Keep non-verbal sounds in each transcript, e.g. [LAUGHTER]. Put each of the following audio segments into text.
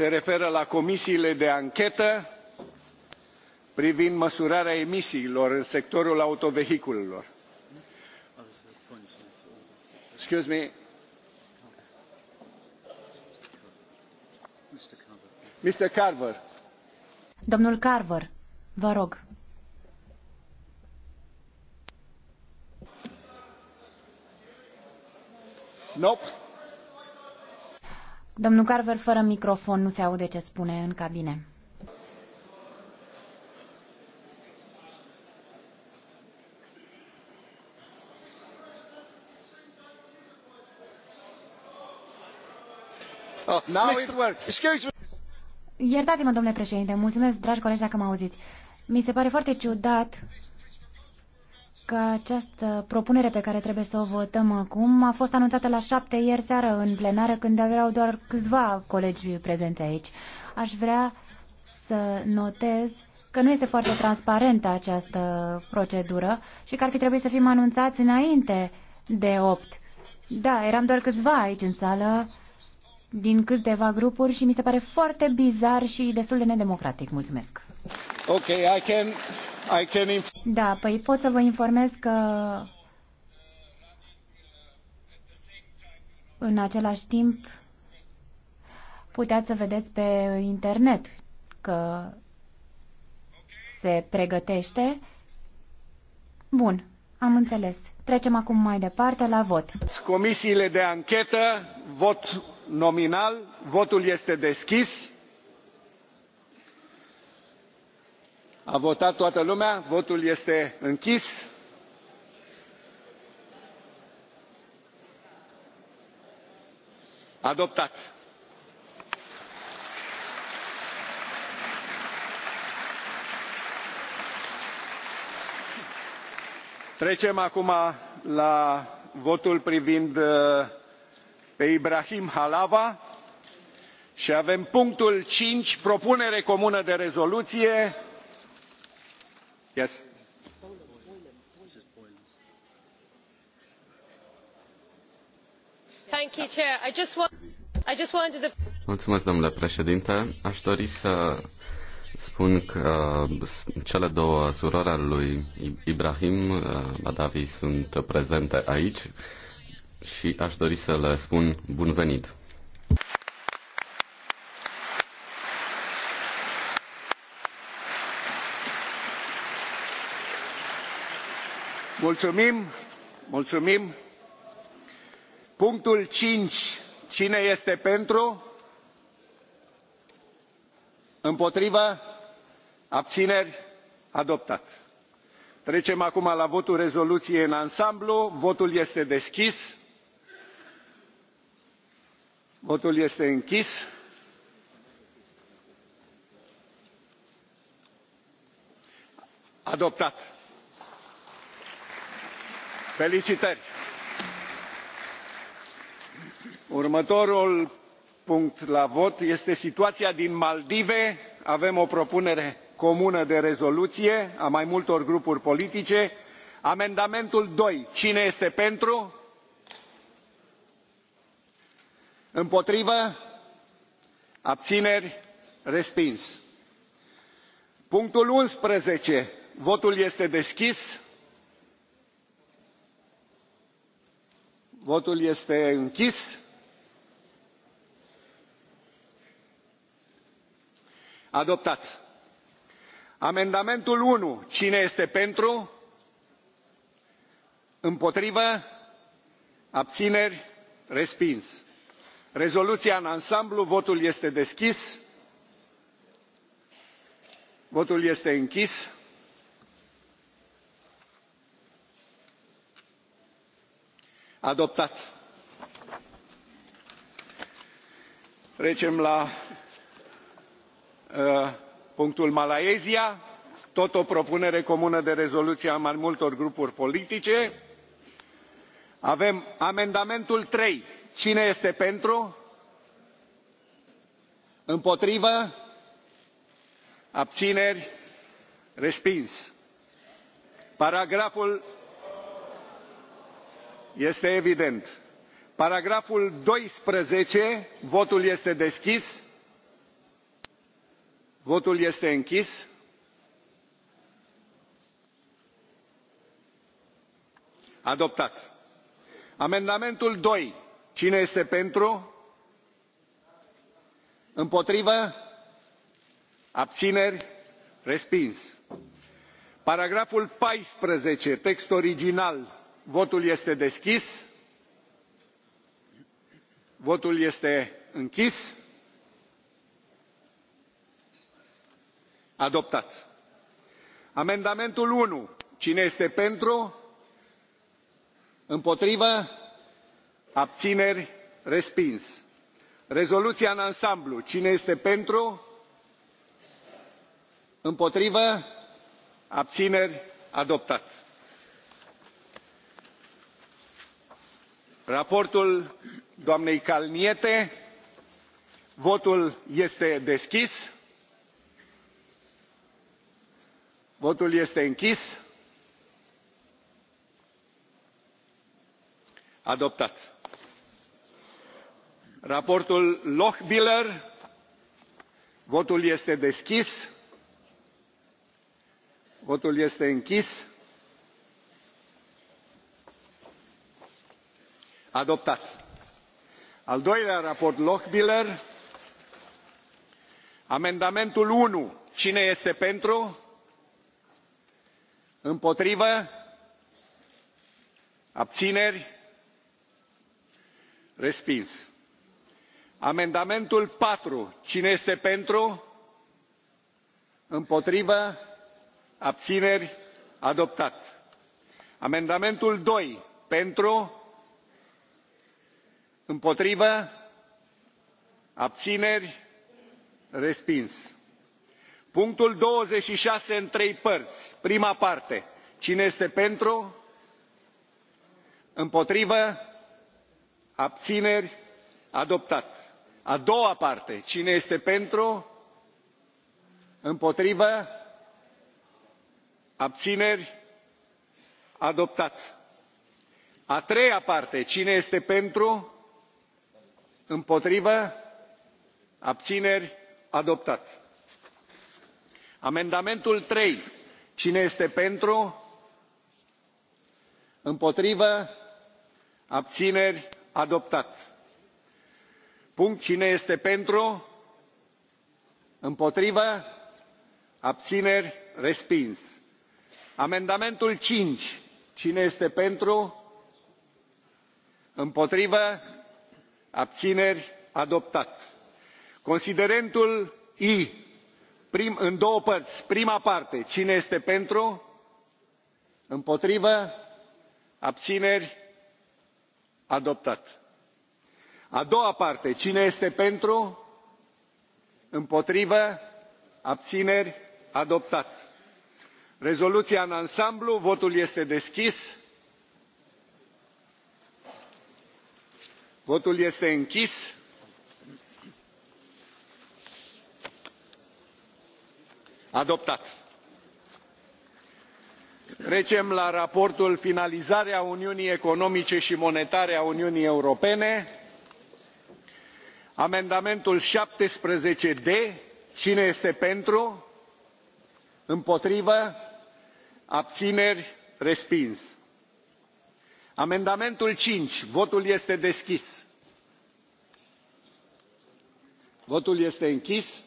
se referă la comisiile de anchetă privind măsurarea emisiilor în sectorul autovehiculelor. Carver. Domnul Carver, vă rog. Nope. Domnul Carver, fără microfon, nu se aude ce spune în cabine. Oh, Iertați-mă, domnule președinte, mulțumesc, dragi colegi, dacă mă auziți. Mi se pare foarte ciudat că această propunere pe care trebuie să o votăm acum a fost anunțată la șapte ieri seară în plenară când erau doar câțiva colegi prezenți aici. Aș vrea să notez că nu este foarte transparentă această procedură și că ar fi trebuit să fim anunțați înainte de 8. Da, eram doar câțiva aici în sală din câteva grupuri și mi se pare foarte bizar și destul de nedemocratic. Mulțumesc. Okay, I can da, păi pot să vă informez că în același timp puteți să vedeți pe internet că se pregătește. Bun, am înțeles. Trecem acum mai departe la vot. Comisiile de anchetă, vot nominal, votul este deschis a votat toată lumea votul este închis. adoptat. trecem acum la votul privind uh, pe ibrahim halawa și avem punctul cinci propunere comună de rezoluție Mulțumesc, domnule președinte. Aș dori să spun că cele două surori ale lui Ibrahim uh, Badavi sunt prezente aici și aș dori să le spun bun venit. Mulțumim, mulțumim. Punctul cinci Cine este pentru? Împotrivă? Abțineri? Adoptat. Trecem acum la votul rezoluției în ansamblu. Votul este deschis. Votul este închis. Adoptat felicitări! următorul punct la vot este situația din maldive. avem o propunere comună de rezoluție a mai multor grupuri politice. amendamentul doi cine este pentru? împotrivă? abțineri? respins. punctul unsprezece votul este deschis. votul este închis. adoptat. amendamentul 1. cine este pentru? împotrivă? abțineri? respins. rezoluția în ansamblu votul este deschis. votul este închis. adoptat. trecem la uh, punctul malaysia tot o propunere comună de rezoluție a mai multor grupuri politice. avem amendamentul trei cine este pentru? împotrivă? abțineri? respins. paragraful este evident. paragraful doisprezece votul este deschis. votul este închis. adoptat. amendamentul doi cine este pentru? împotrivă? abțineri? respins. paragraful paisprezece text original votul este deschis votul este închis adoptat amendamentul unu cine este pentru împotrivă abțineri respins rezoluția în ansamblu cine este pentru împotrivă abțineri adoptat raportul doamnei kalniete votul este deschis votul este închis adoptat raportul lochbihler votul este deschis votul este închis adoptat. al doilea raport lochbihler amendamentul unu cine este pentru? împotrivă? abțineri? respins. amendamentul patru cine este pentru? împotrivă? abțineri? adoptat. amendamentul doi pentru? împotrivă abțineri respins. punctul douăzeci și șase în trei părți prima parte cine este pentru? împotrivă abțineri adoptat. a doua parte cine este pentru? împotrivă abțineri adoptat. a treia parte cine este pentru? împotrivă abțineri adoptat. amendamentul trei cine este pentru? împotrivă abțineri adoptat. punct cine este pentru? împotrivă abțineri respins. amendamentul cinci cine este pentru? împotrivă abțineri adoptat considerentul i prim, în două părți prima parte cine este pentru împotrivă abțineri adoptat a doua parte cine este pentru împotrivă abțineri adoptat rezoluția în ansamblu votul este deschis votul este închis. adoptat. trecem la raportul finalizarea uniunii economice și monetare a uniunii europene amendamentul șaptesprezece d cine este pentru? împotrivă? abțineri? respins. amendamentul cinci votul este deschis. votul este închis.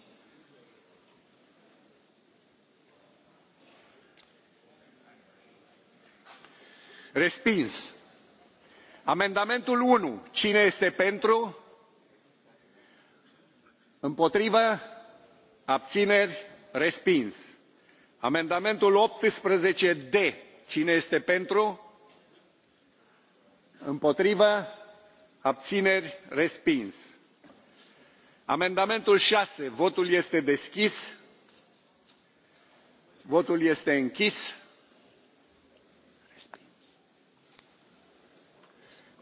respins. amendamentul unu cine este pentru? împotrivă? abțineri? respins. amendamentul optsprezece d cine este pentru? împotrivă? abțineri? respins amendamentul șase votul este deschis votul este închis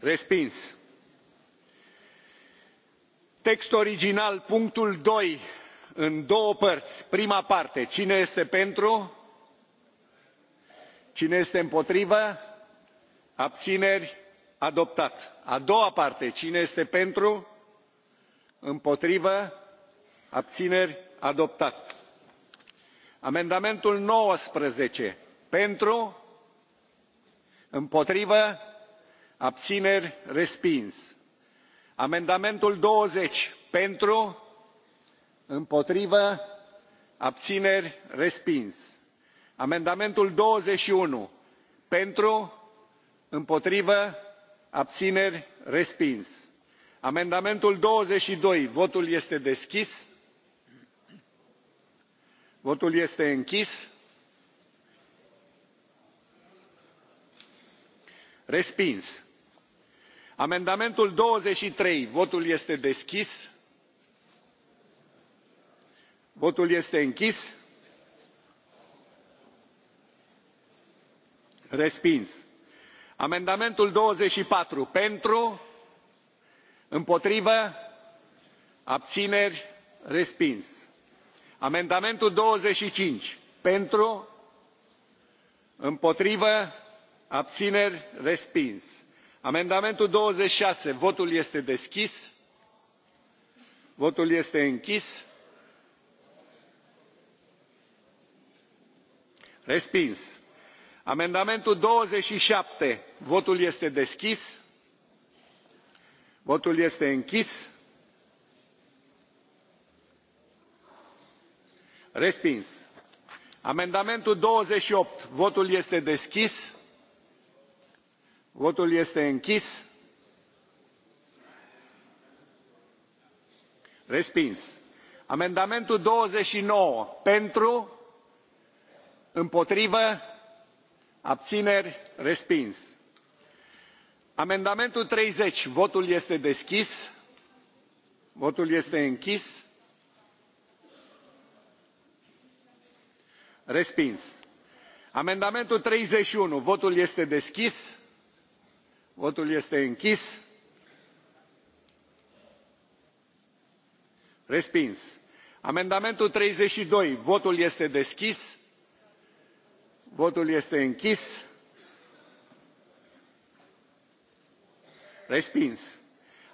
respins text original punctul doi în două părți prima parte cine este pentru cine este împotrivă abțineri adoptat a doua parte cine este pentru împotrivă abțineri adoptat amendamentul nouăsprezece pentru împotrivă abțineri respins amendamentul douăzeci pentru împotrivă abțineri respins amendamentul douăzeci și unu pentru împotrivă abțineri respins amendamentul douăzeci și doi votul este deschis. votul este închis. respins. amendamentul douăzeci și trei votul este deschis. votul este închis. respins. amendamentul douăzeci și patru pentru împotrivă abțineri respins amendamentul douăzeci și cinci pentru împotrivă abțineri respins amendamentul douăzeci și șase votul este deschis votul este închis respins amendamentul douăzeci și șapte votul este deschis votul este închis. respins. amendamentul douăzeci și opt votul este deschis. votul este închis. respins. amendamentul douăzeci și nouă pentru împotrivă abțineri respins amendamentul treizeci votul este deschis. votul este închis. respins. amendamentul treizeci și unu votul este deschis. votul este închis. respins. amendamentul treizeci și doi votul este deschis. votul este închis. respins.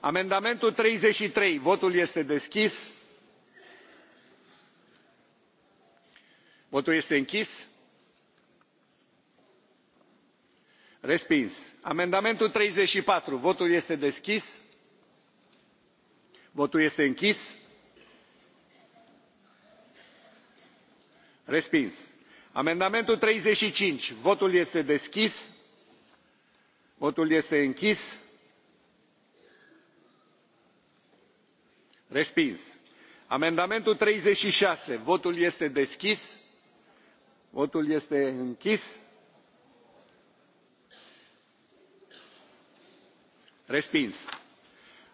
amendamentul treizeci și trei votul este deschis. votul este închis. respins. amendamentul treizeci și patru votul este deschis. votul este închis. respins. amendamentul treizeci și cinci votul este deschis. votul este închis. respins. amendamentul treizeci și șase votul este deschis. votul este închis. respins.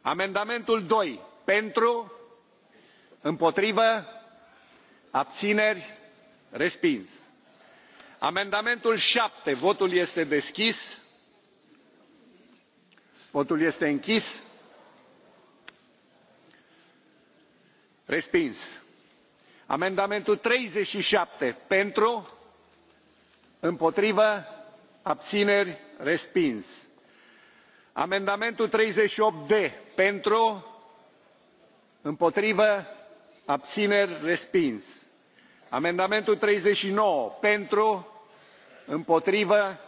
amendamentul doi pentru împotrivă abțineri respins. amendamentul șapte votul este deschis. votul este închis. respins amendamentul treizeci și șapte pentru împotrivă abțineri respins amendamentul treizeci și opt d pentru împotrivă abțineri respins amendamentul treizeci și nouă pentru împotrivă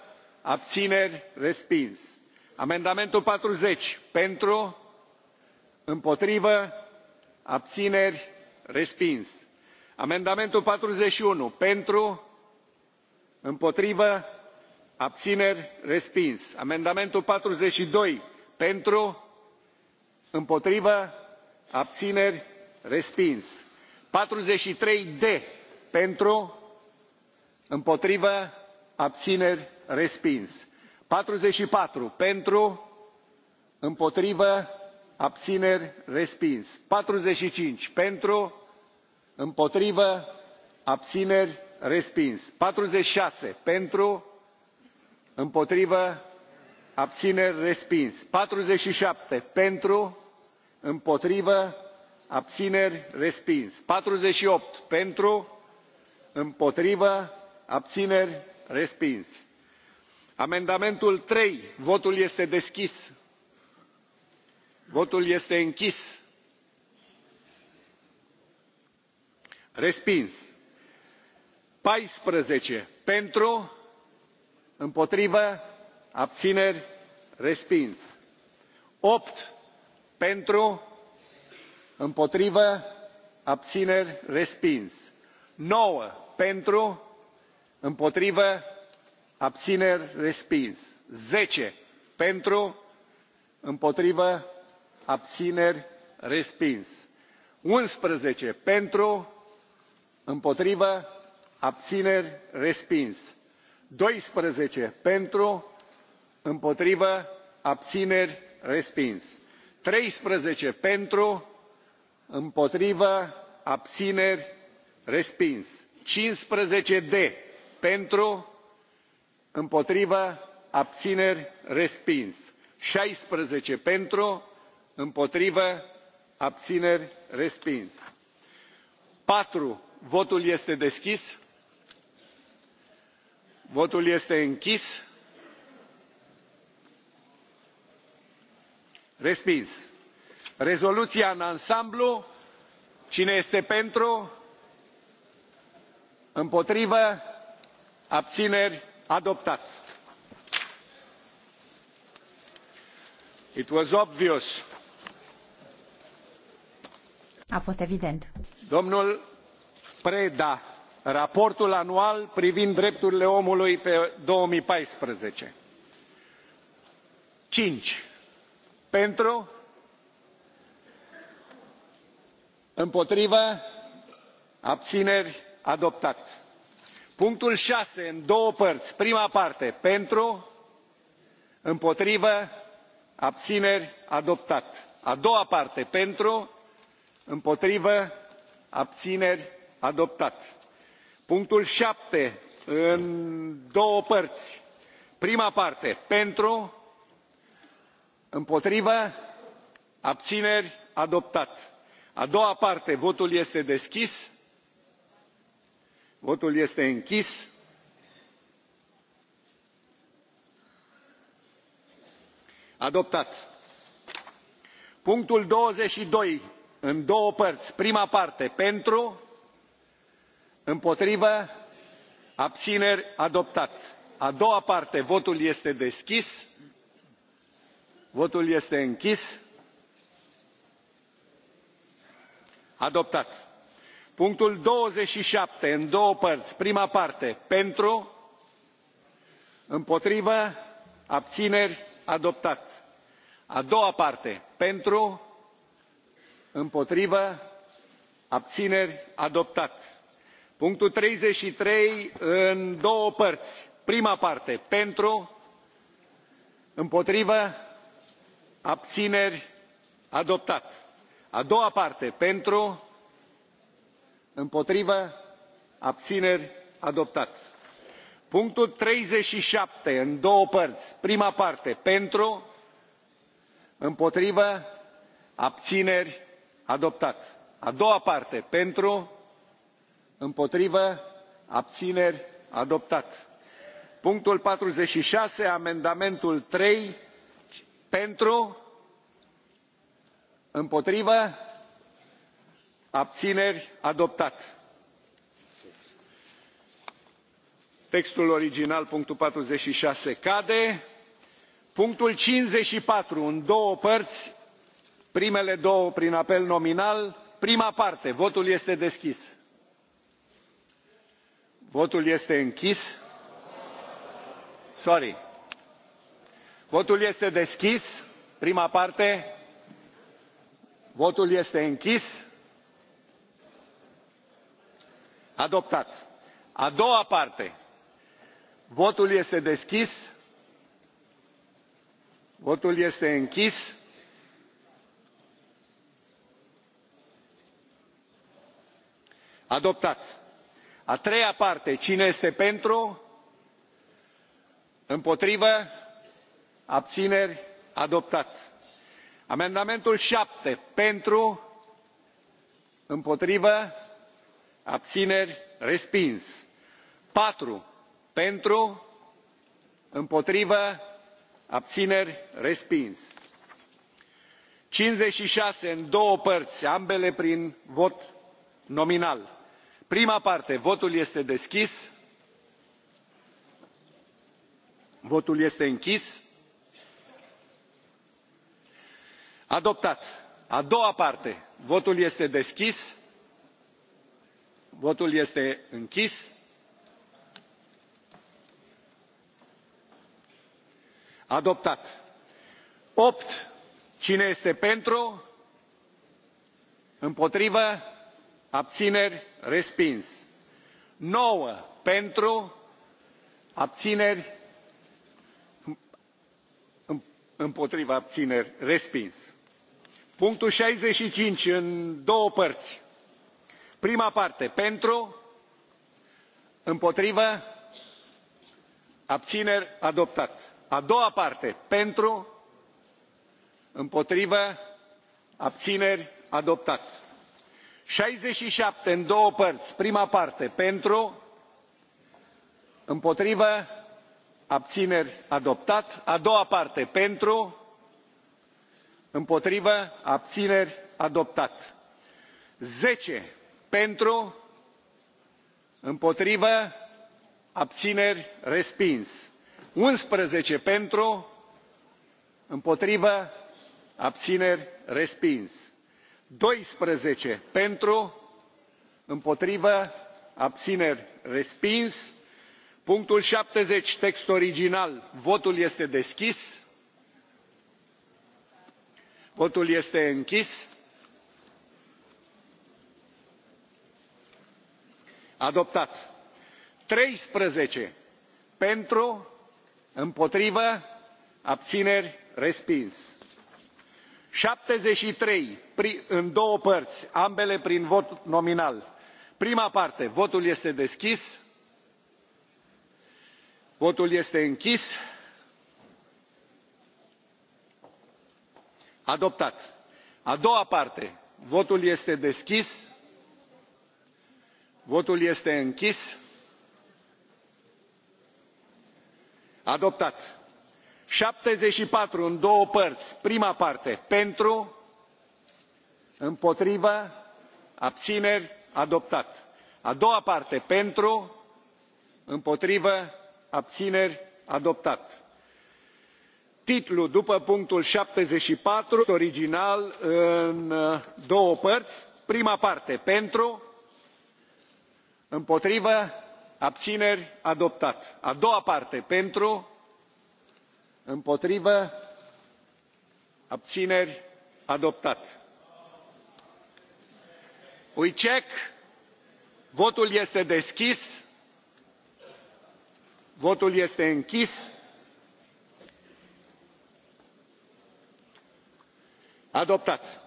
abțineri respins amendamentul patruzeci pentru împotrivă abțineri respins amendamentul patruzeci și unu pentru împotrivă abțineri respins amendamentul patruzeci și doi pentru împotrivă abțineri respins patruzeci și trei d pentru împotrivă abțineri respins patruzeci și patru pentru împotrivă abțineri respins patruzeci și cinci pentru împotrivă abțineri respins patruzeci și șase pentru împotrivă abțineri respins patruzeci și șapte pentru împotrivă abțineri respins patruzeci și opt pentru împotrivă abțineri respins amendamentul trei votul este deschis votul este închis. respins paisprezece pentru împotrivă abțineri respins opt pentru împotrivă abțineri respins nouă pentru împotrivă abțineri respins zece pentru împotrivă abțineri respins unsprezece pentru împotrivă abțineri respins doisprezece pentru împotrivă abțineri respins treisprezece pentru împotrivă abțineri respins cincisprezece d pentru împotrivă abțineri respins șaisprezece pentru împotrivă abțineri respins. patru votul este deschis. votul este închis. respins. rezoluția în ansamblu cine este pentru? împotrivă abțineri adoptat. it was obvious a fost evident. Domnul Preda, raportul anual privind drepturile omului pe 2014. Cinci Pentru împotrivă abțineri adoptat. punctul șase în două părți prima parte pentru împotrivă abțineri adoptat a doua parte pentru împotrivă abțineri adoptat. punctul șapte în două părți prima parte pentru împotrivă abțineri adoptat. a doua parte votul este deschis. votul este închis. adoptat. punctul douăzeci și doi în două părți prima parte pentru împotrivă abțineri adoptat a doua parte votul este deschis votul este închis adoptat punctul douăzeci și șapte în două părți prima parte pentru împotrivă abțineri adoptat a doua parte pentru împotrivă abțineri adoptat. punctul treizeci și trei în două părți prima parte pentru împotrivă abțineri adoptat. a doua parte pentru împotrivă abțineri adoptat. punctul treizeci și șapte în două părți prima parte pentru împotrivă abțineri adoptat. a doua parte pentru împotrivă abțineri adoptat. punctul patruzeci și șase amendamentul trei pentru împotrivă abțineri adoptat. textul original punctul patruzeci și șase cade. punctul cincizeci și patru în două părți primele două prin apel nominal prima parte votul este deschis votul este închis sorry votul este deschis prima parte votul este închis adoptat a doua parte votul este deschis votul este închis adoptat. a treia parte cine este pentru? împotrivă? abțineri? adoptat. amendamentul șapte pentru? împotrivă? abțineri? respins. patru pentru? împotrivă? abțineri? respins. cincizeci și șase în două părți ambele prin vot nominal prima parte votul este deschis votul este închis adoptat a doua parte votul este deschis votul este închis adoptat opt cine este pentru împotrivă abțineri respins nouă pentru abțineri împotriva abțineri respins punctul șaizeci și cinci în două părți prima parte pentru împotrivă abțineri adoptat a doua parte pentru împotrivă abțineri adoptat șaizeci și șapte în două părți prima parte pentru împotrivă abțineri adoptat a doua parte pentru împotrivă abțineri adoptat zece pentru împotrivă abțineri respins unsprezece pentru împotrivă abțineri respins doisprezece pentru împotrivă abțineri respins punctul șaptezeci text original votul este deschis votul este închis adoptat treisprezece pentru împotrivă abțineri respins șaptezeci și trei în două părți ambele prin vot nominal. prima parte votul este deschis. votul este închis. adoptat. a doua parte votul este deschis. votul este închis. adoptat șaptezeci și patru în două părți prima parte pentru împotrivă abțineri adoptat a doua parte pentru împotrivă abțineri adoptat titlul după punctul șaptezeci și patru original în uh, două părți prima parte pentru împotrivă abțineri adoptat a doua parte pentru împotrivă abțineri adoptat. we check votul este deschis votul este închis adoptat.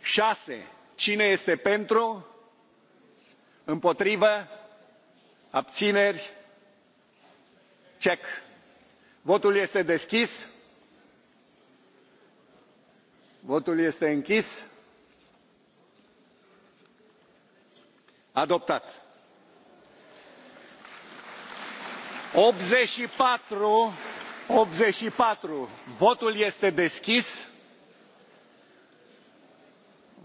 șase cine este pentru? împotrivă abțineri Check. Votul este deschis. Votul este închis. Adoptat. 84 84 votul este deschis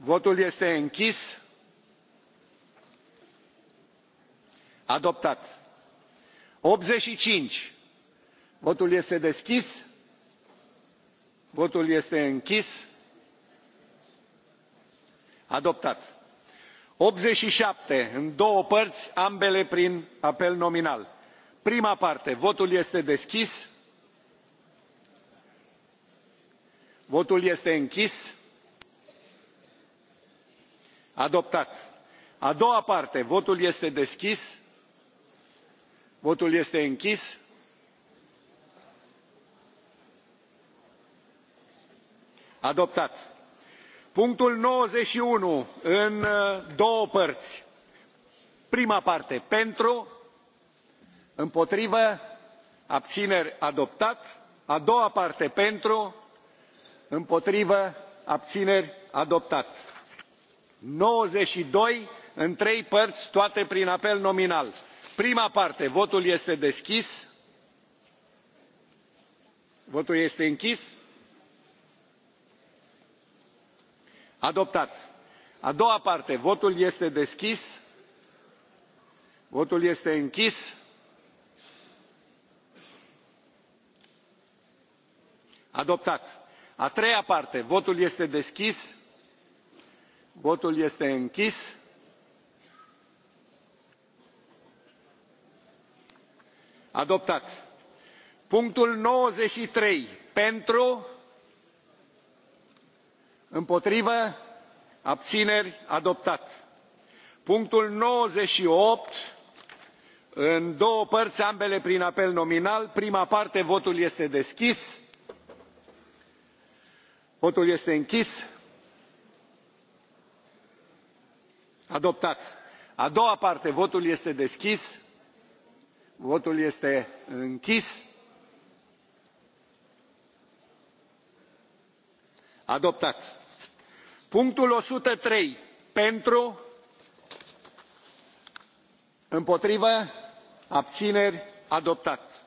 votul este închis adoptat optzeci și cinci votul este deschis votul este închis adoptat optzeci și șapte în două părți ambele prin apel nominal prima parte votul este deschis votul este închis adoptat a doua parte votul este deschis votul este închis. adoptat. punctul nouăzeci și unu în uh, două părți prima parte pentru împotrivă abțineri adoptat a doua parte pentru împotrivă abțineri adoptat nouăzeci și doi în trei părți toate prin apel nominal prima parte votul este deschis votul este închis adoptat a doua parte votul este deschis votul este închis adoptat a treia parte votul este deschis votul este închis adoptat. punctul nouăzeci și trei pentru împotrivă abțineri adoptat. punctul nouăzeci și opt în două părți ambele prin apel nominal prima parte votul este deschis votul este închis adoptat. a doua parte votul este deschis votul este închis. adoptat. punctul o sută trei pentru împotrivă abțineri adoptat.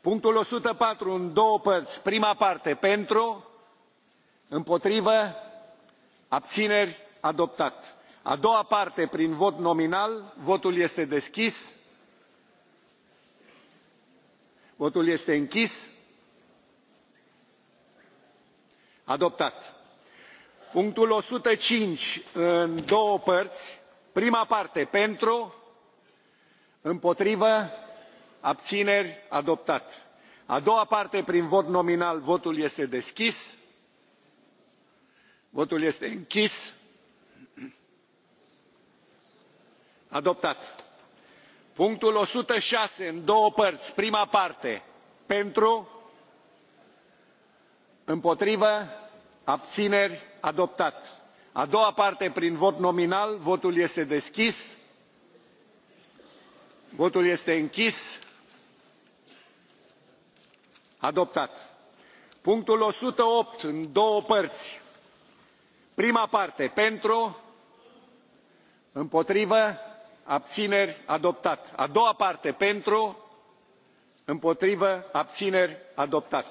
punctul o sută patru în două părți prima parte pentru împotrivă abțineri adoptat. a doua parte prin vot nominal votul este deschis votul este închis. adoptat. punctul o sută cinci în două părți prima parte pentru împotrivă abțineri adoptat. a doua parte prin vot nominal votul este deschis. votul este închis. adoptat punctul o sută șase în două părți prima parte pentru împotrivă abțineri adoptat a doua parte prin vot nominal votul este deschis votul este închis adoptat punctul o sută opt în două părți prima parte pentru împotrivă abțineri adoptat. a doua parte pentru împotrivă abțineri adoptat.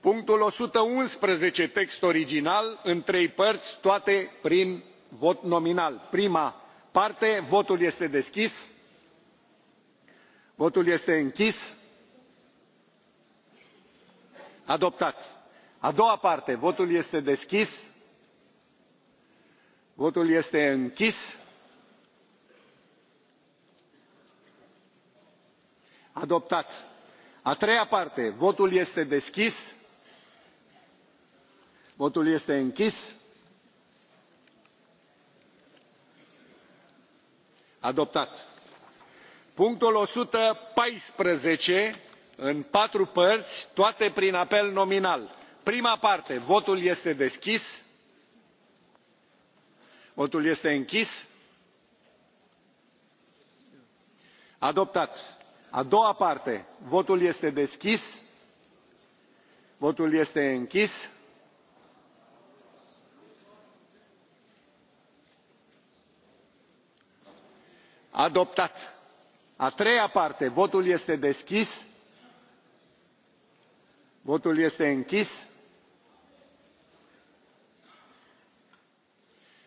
punctul o sută unsprezece text original în trei părți toate prin vot nominal. prima parte votul este deschis. votul este închis. adoptat. a doua parte votul este deschis. votul este închis adoptat. a treia parte votul este deschis. votul este închis. adoptat. punctul o sută paisprezece în patru părți toate prin apel nominal. prima parte votul este deschis. votul este închis. adoptat a doua parte votul este deschis votul este închis adoptat a treia parte votul este deschis votul este închis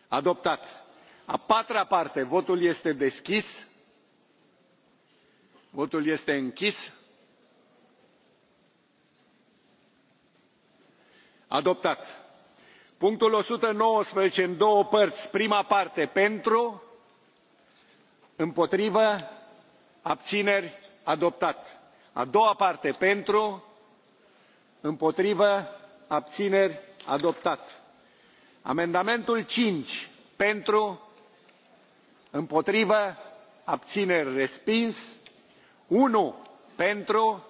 adoptat a patra parte votul este deschis votul este închis. adoptat. punctul o sută nouăsprezece în două părți prima parte pentru împotrivă abțineri adoptat. a doua parte pentru împotrivă abțineri adoptat. amendamentul cinci pentru împotrivă abțineri respins unu pentru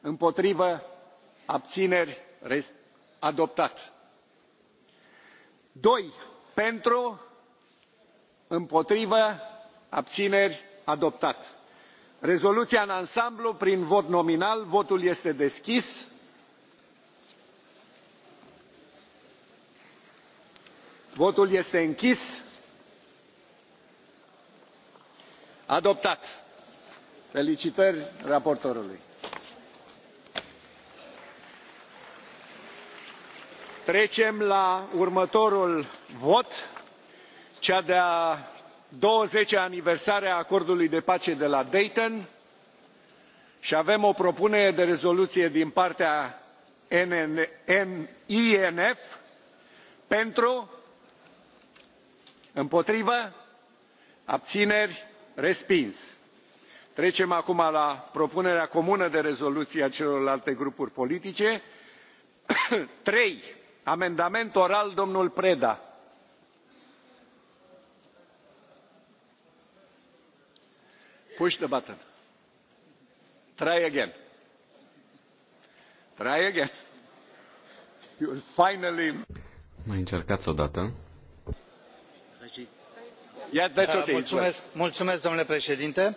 împotrivă abțineri adoptat doi pentru împotrivă abțineri adoptat rezoluția în ansamblu prin vot nominal votul este deschis votul este închis adoptat felicitări raportorului. trecem la următorul vot cea de a douăzeci a aniversare a acordului de pace de la dayton și avem o propunere de rezoluție din partea enf pentru împotrivă abțineri respins trecem acum la propunerea comună de rezoluție a celorlalte grupuri politice [CLEARS THROAT] trei amendament oral domnul preda push the button try again try again you will finally mai încercați o dată deci, yeah, that's da, okay. mulțumesc, mulțumesc domnule președinte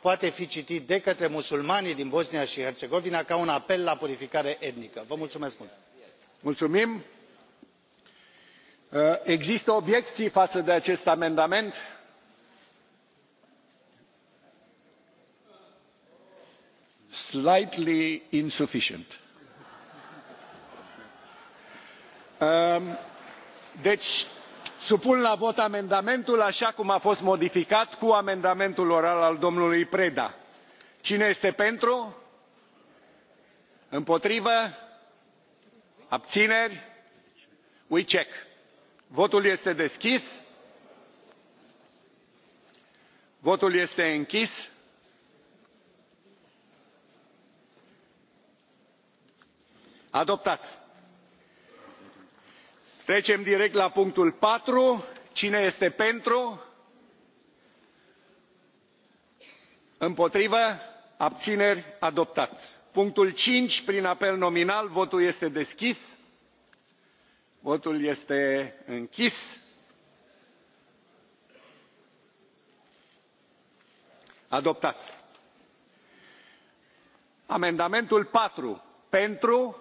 poate fi citit de către musulmanii din bosnia și herțegovina ca un apel la purificare etnică. vă mulțumesc mult. Uh, există obiecții față de acest amendament? slightly insufficient. Um, deci supun la vot amendamentul așa cum a fost modificat cu amendamentul oral al domnului preda. cine este pentru? împotrivă? abțineri? we check. votul este deschis. votul este închis. adoptat trecem direct la punctul patru cine este pentru? împotrivă abțineri adoptat. punctul cinci prin apel nominal votul este deschis. votul este închis. adoptat. amendamentul patru pentru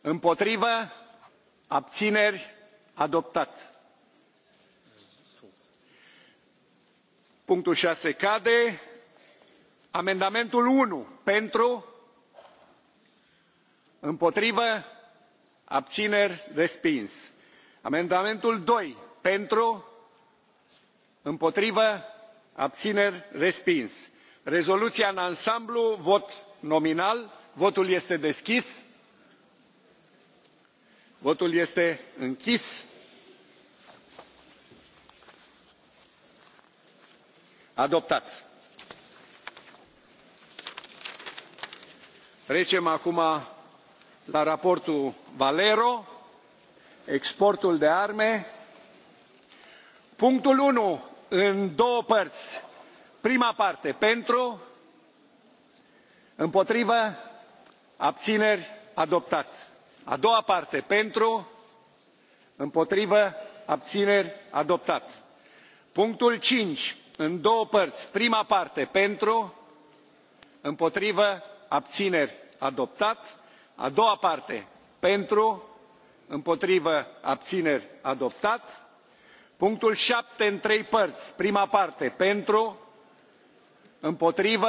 împotrivă abțineri adoptat punctul șase cade amendamentul unu pentru împotrivă abțineri respins amendamentul doi pentru împotrivă abțineri respins rezoluția în ansamblu vot nominal votul este deschis votul este închis. adoptat. trecem acum la raportul valero exportul de arme. punctul unu în două părți. prima parte pentru împotrivă abțineri adoptat a doua parte pentru împotrivă abțineri adoptat. punctul cinci în două părți prima parte pentru împotrivă abțineri adoptat a doua parte pentru împotrivă abțineri adoptat punctul șapte în trei părți prima parte pentru împotrivă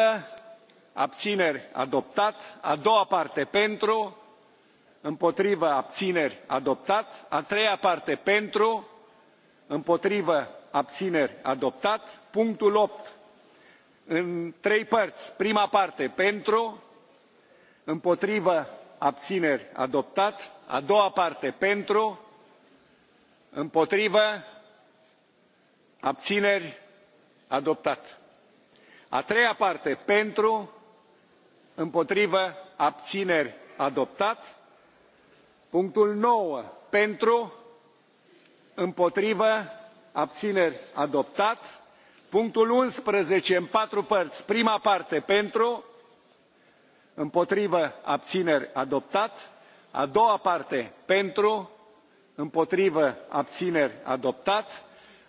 abțineri adoptat a doua parte pentru împotrivă abțineri adoptat a treia parte pentru împotrivă abțineri adoptat punctul opt în trei părți prima parte pentru împotrivă abțineri adoptat a doua parte pentru împotrivă abțineri adoptat a treia parte pentru împotrivă abțineri adoptat punctul nouă pentru împotrivă abțineri adoptat punctul unsprezece în patru părți prima parte pentru împotrivă abțineri adoptat a doua parte pentru împotrivă abțineri adoptat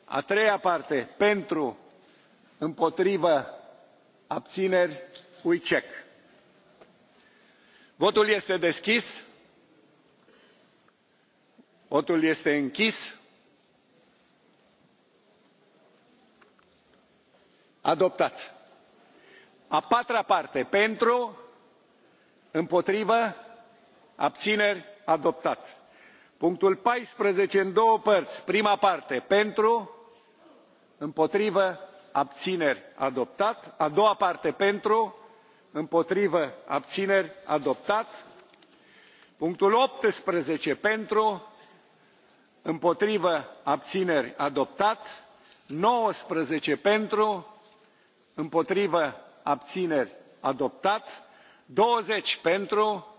a treia parte pentru împotrivă abțineri we check votul este deschis votul este închis. adoptat. a patra parte pentru împotrivă abțineri adoptat. punctul paisprezece în două părți prima parte pentru împotrivă abțineri adoptat a doua parte pentru împotrivă abțineri adoptat punctul optsprezece pentru împotrivă abțineri adoptat nouăsprezece pentru împotrivă abțineri adoptat douăzeci pentru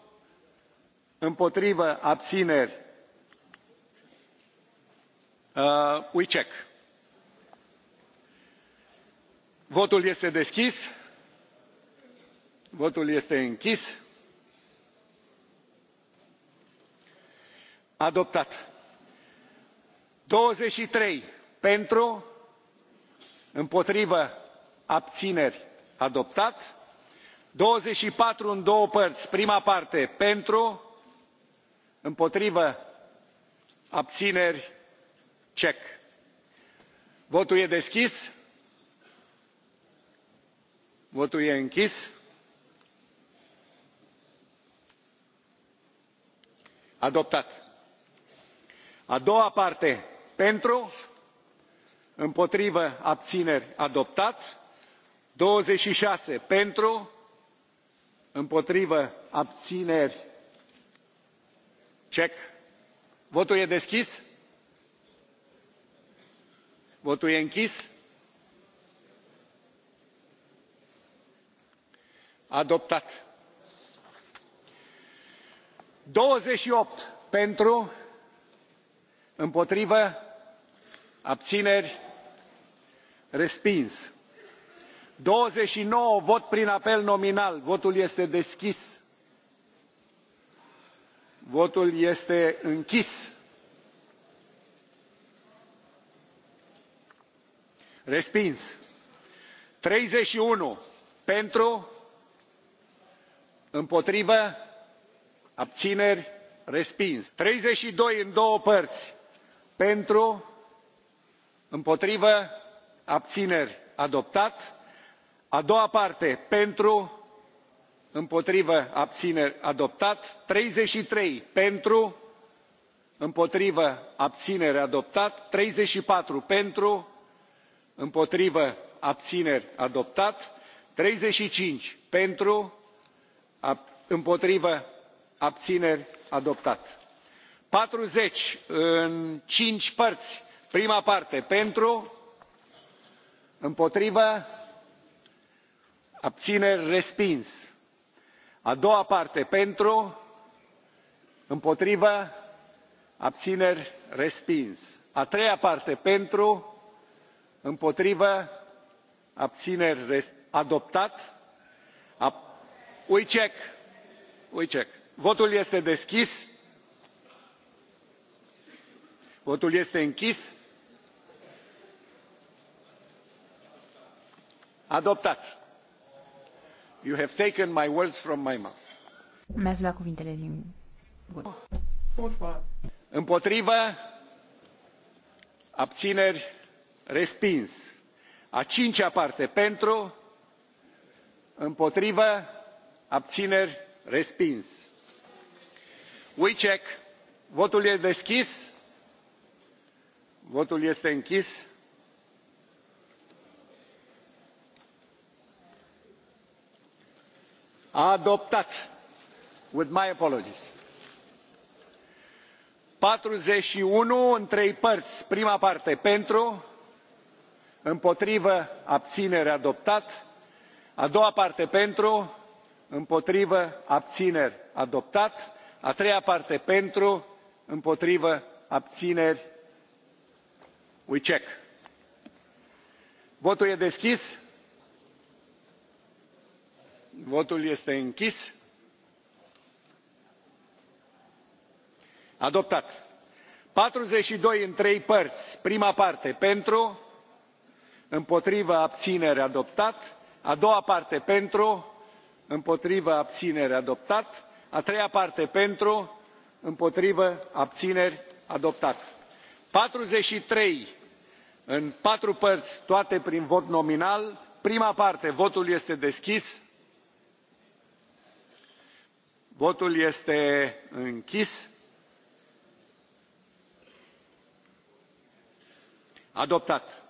împotrivă abțineri uh, we check. votul este deschis votul este închis adoptat douăzeci și trei pentru împotrivă abțineri adoptat douăzeci și patru în două părți prima parte pentru împotrivă abțineri check votul e deschis votul e închis adoptat a doua parte pentru împotrivă abțineri adoptat douăzeci și șase pentru împotrivă abțineri check votul e deschis votul e închis adoptat douăzeci și opt pentru împotrivă abțineri respins douăzeci și nouă vot prin apel nominal votul este deschis votul este închis respins treizeci și unu pentru împotrivă abțineri respins treizeci și doi în două părți pentru împotrivă abțineri adoptat. a doua parte pentru împotrivă abțineri adoptat. treizeci și trei pentru împotrivă abțineri adoptat. treizeci și patru pentru împotrivă abțineri adoptat. treizeci și cinci pentru împotrivă abțineri adoptat. patruzeci în cinci părți prima parte pentru împotrivă abțineri respins a doua parte pentru împotrivă abțineri respins a treia parte pentru împotrivă abțineri adoptat a... we we check. votul este deschis votul este închis adoptat. you have taken my words from my mouth. mi ați luat cuvintele din gură. împotrivă abțineri respins. a cincea parte pentru împotrivă abțineri respins. we check votul este deschis votul este închis a adoptat with my apologies patruzeci și unu în trei părți prima parte pentru împotrivă abțineri adoptat a doua parte pentru împotrivă abțineri adoptat a treia parte pentru împotrivă abțineri we check votul este deschis votul este închis. adoptat. patruzeci și doi în trei părți prima parte pentru împotrivă abțineri adoptat a doua parte pentru împotrivă abțineri adoptat a treia parte pentru împotrivă abțineri adoptat. patruzeci și trei în patru părți toate prin vot nominal prima parte votul este deschis votul este închis. adoptat.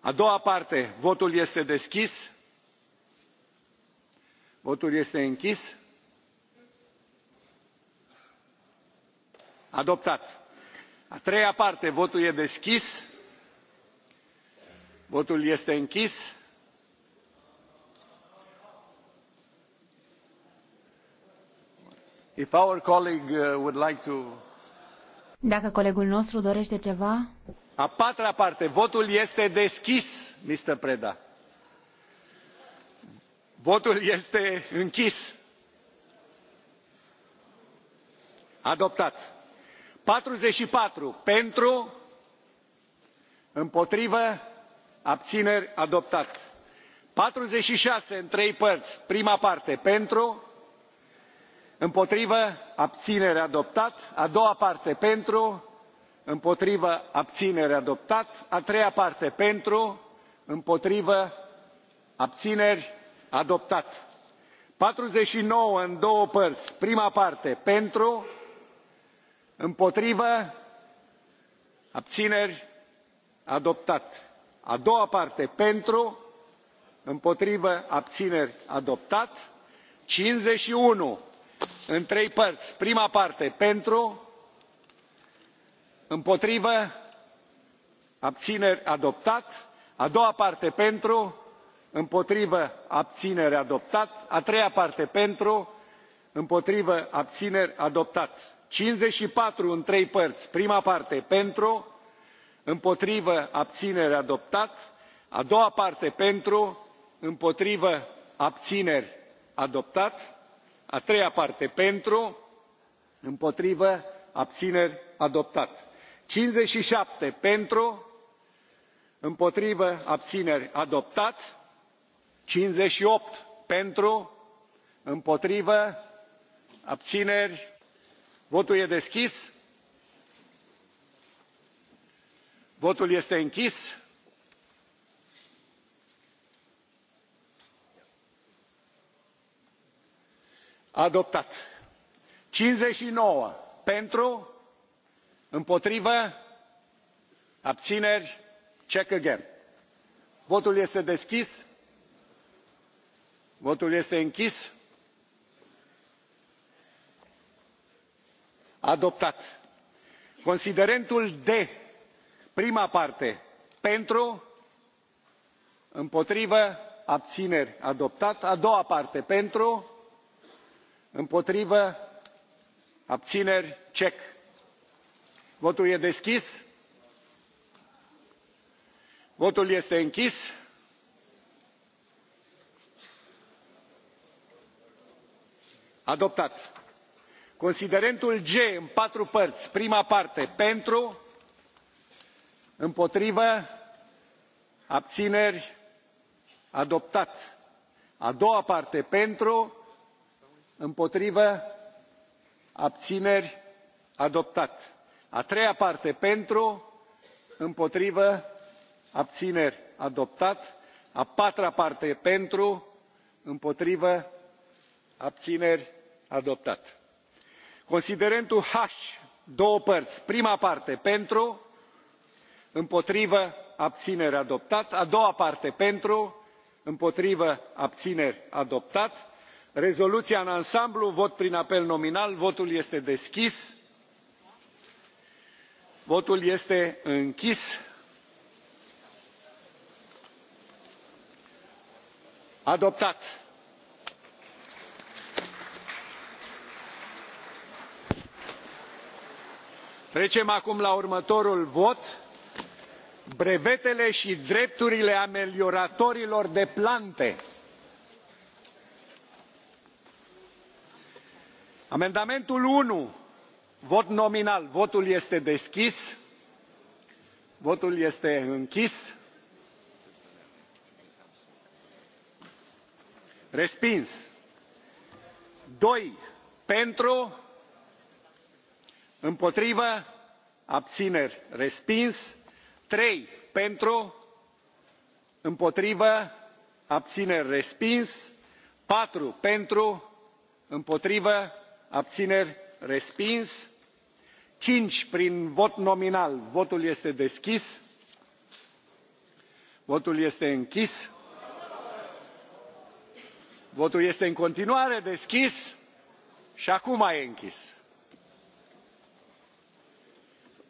a doua parte votul este deschis. votul este închis. adoptat. a treia parte votul este deschis. votul este închis. Uh, Dacă colegul nostru dorește ceva. A patra parte. Votul este deschis, Mr. Preda. Votul este închis. Adoptat. 44 pentru, împotrivă, abțineri, adoptat. 46 în trei părți. Prima parte pentru, împotrivă abținere adoptat a doua parte pentru împotrivă abținere adoptat a treia parte pentru împotrivă abțineri adoptat patruzeci și nouă în două părți prima parte pentru împotrivă abțineri adoptat a doua parte pentru împotrivă abțineri adoptat cincizeci și unu în trei părți prima parte pentru împotrivă abțineri adoptat a doua parte pentru împotrivă abțineri adoptat a treia parte pentru împotrivă abțineri adoptat cincizeci și patru în trei părți prima parte pentru împotrivă abțineri adoptat a doua parte pentru împotrivă abțineri adoptat a treia parte pentru împotrivă abțineri adoptat cincizeci și șapte pentru împotrivă abțineri adoptat cincizeci și opt pentru împotrivă abțineri votul este deschis votul este închis adoptat cincizeci și nouă pentru împotrivă abțineri check again votul este deschis votul este închis adoptat considerentul d prima parte pentru împotrivă abțineri adoptat a doua parte pentru împotrivă abțineri cec. votul este deschis. votul este închis. adoptat. considerentul g în patru părți prima parte pentru împotrivă abțineri adoptat. a doua parte pentru împotrivă abțineri adoptat. a treia parte pentru împotrivă abțineri adoptat. a patra parte pentru împotrivă abțineri adoptat. considerentul h două părți prima parte pentru împotrivă abțineri adoptat a doua parte pentru împotrivă abțineri adoptat rezoluția în ansamblu vot prin apel nominal votul este deschis votul este închis adoptat. trecem acum la următorul vot brevetele și drepturile amelioratorilor de plante. amendamentul unu vot nominal votul este deschis votul este închis respins doi pentru împotrivă abțineri respins trei pentru împotrivă abțineri respins patru pentru împotrivă abțineri respins cinci prin vot nominal votul este deschis votul este închis votul este în continuare deschis și acum e închis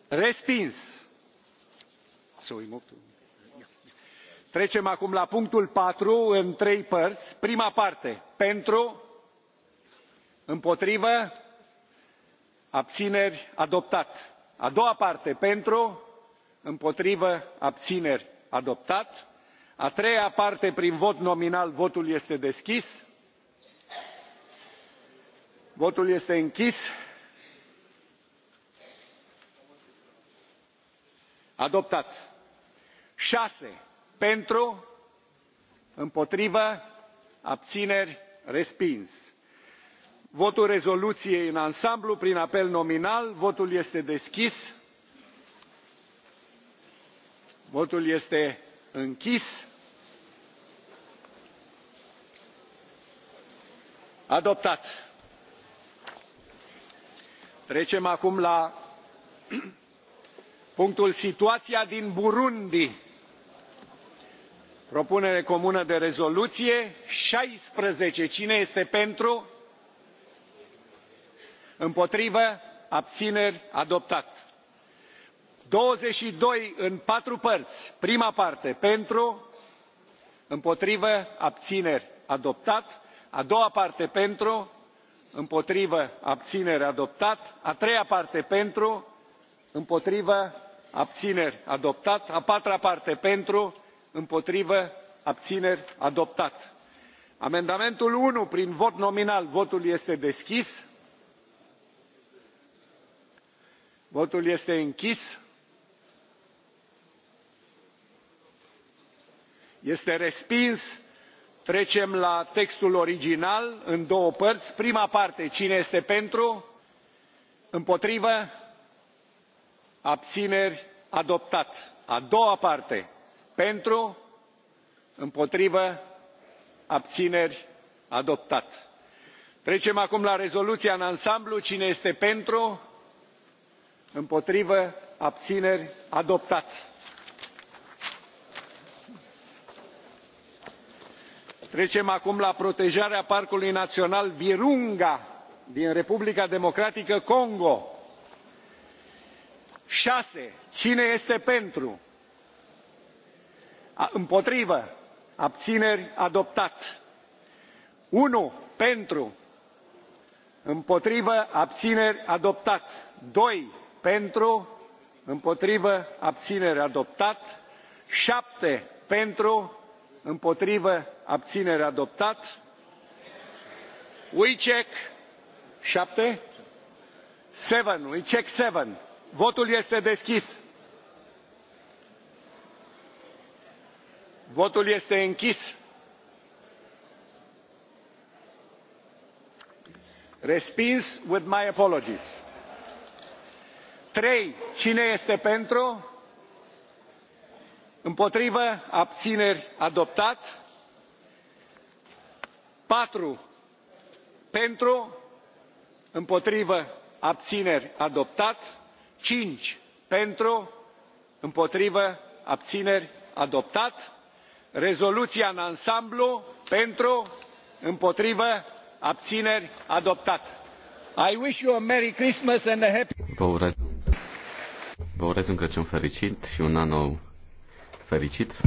respins trecem acum la punctul patru în trei părți prima parte pentru împotrivă abțineri adoptat. a doua parte pentru împotrivă abțineri adoptat. a treia parte prin vot nominal votul este deschis. votul este închis. adoptat. șase pentru împotrivă abțineri respins votul rezoluției în ansamblu prin apel nominal votul este deschis votul este închis adoptat. trecem acum la punctul situația din burundi propunere comună de rezoluție șaisprezece cine este pentru? împotrivă abțineri adoptat douăzeci și doi în patru părți prima parte pentru împotrivă abțineri adoptat a doua parte pentru împotrivă abțineri adoptat a treia parte pentru împotrivă abțineri adoptat a patra parte pentru împotrivă abțineri adoptat amendamentul unu prin vot nominal votul este deschis votul este închis. este respins. trecem la textul original în două părți prima parte cine este pentru? împotrivă? abțineri? adoptat. a doua parte pentru? împotrivă? abțineri? adoptat. trecem acum la rezoluția în ansamblu cine este pentru? împotrivă abțineri adoptat. trecem acum la protejarea parcului național virunga din republica democratică congo. șase cine este pentru? împotrivă abțineri adoptat. unu pentru împotrivă abțineri adoptat. doi pentru împotrivă abținere adoptat șapte pentru împotrivă abținere adoptat we check șapte seven we check seven votul este deschis votul este închis respins with my apologies trei cine este pentru? împotrivă abțineri adoptat patru pentru împotrivă abțineri adoptat cinci pentru împotrivă abțineri adoptat rezoluția în ansamblu pentru împotrivă abțineri adoptat. I wish you a merry Christmas and a happy urez un Crăciun fericit și un an nou fericit.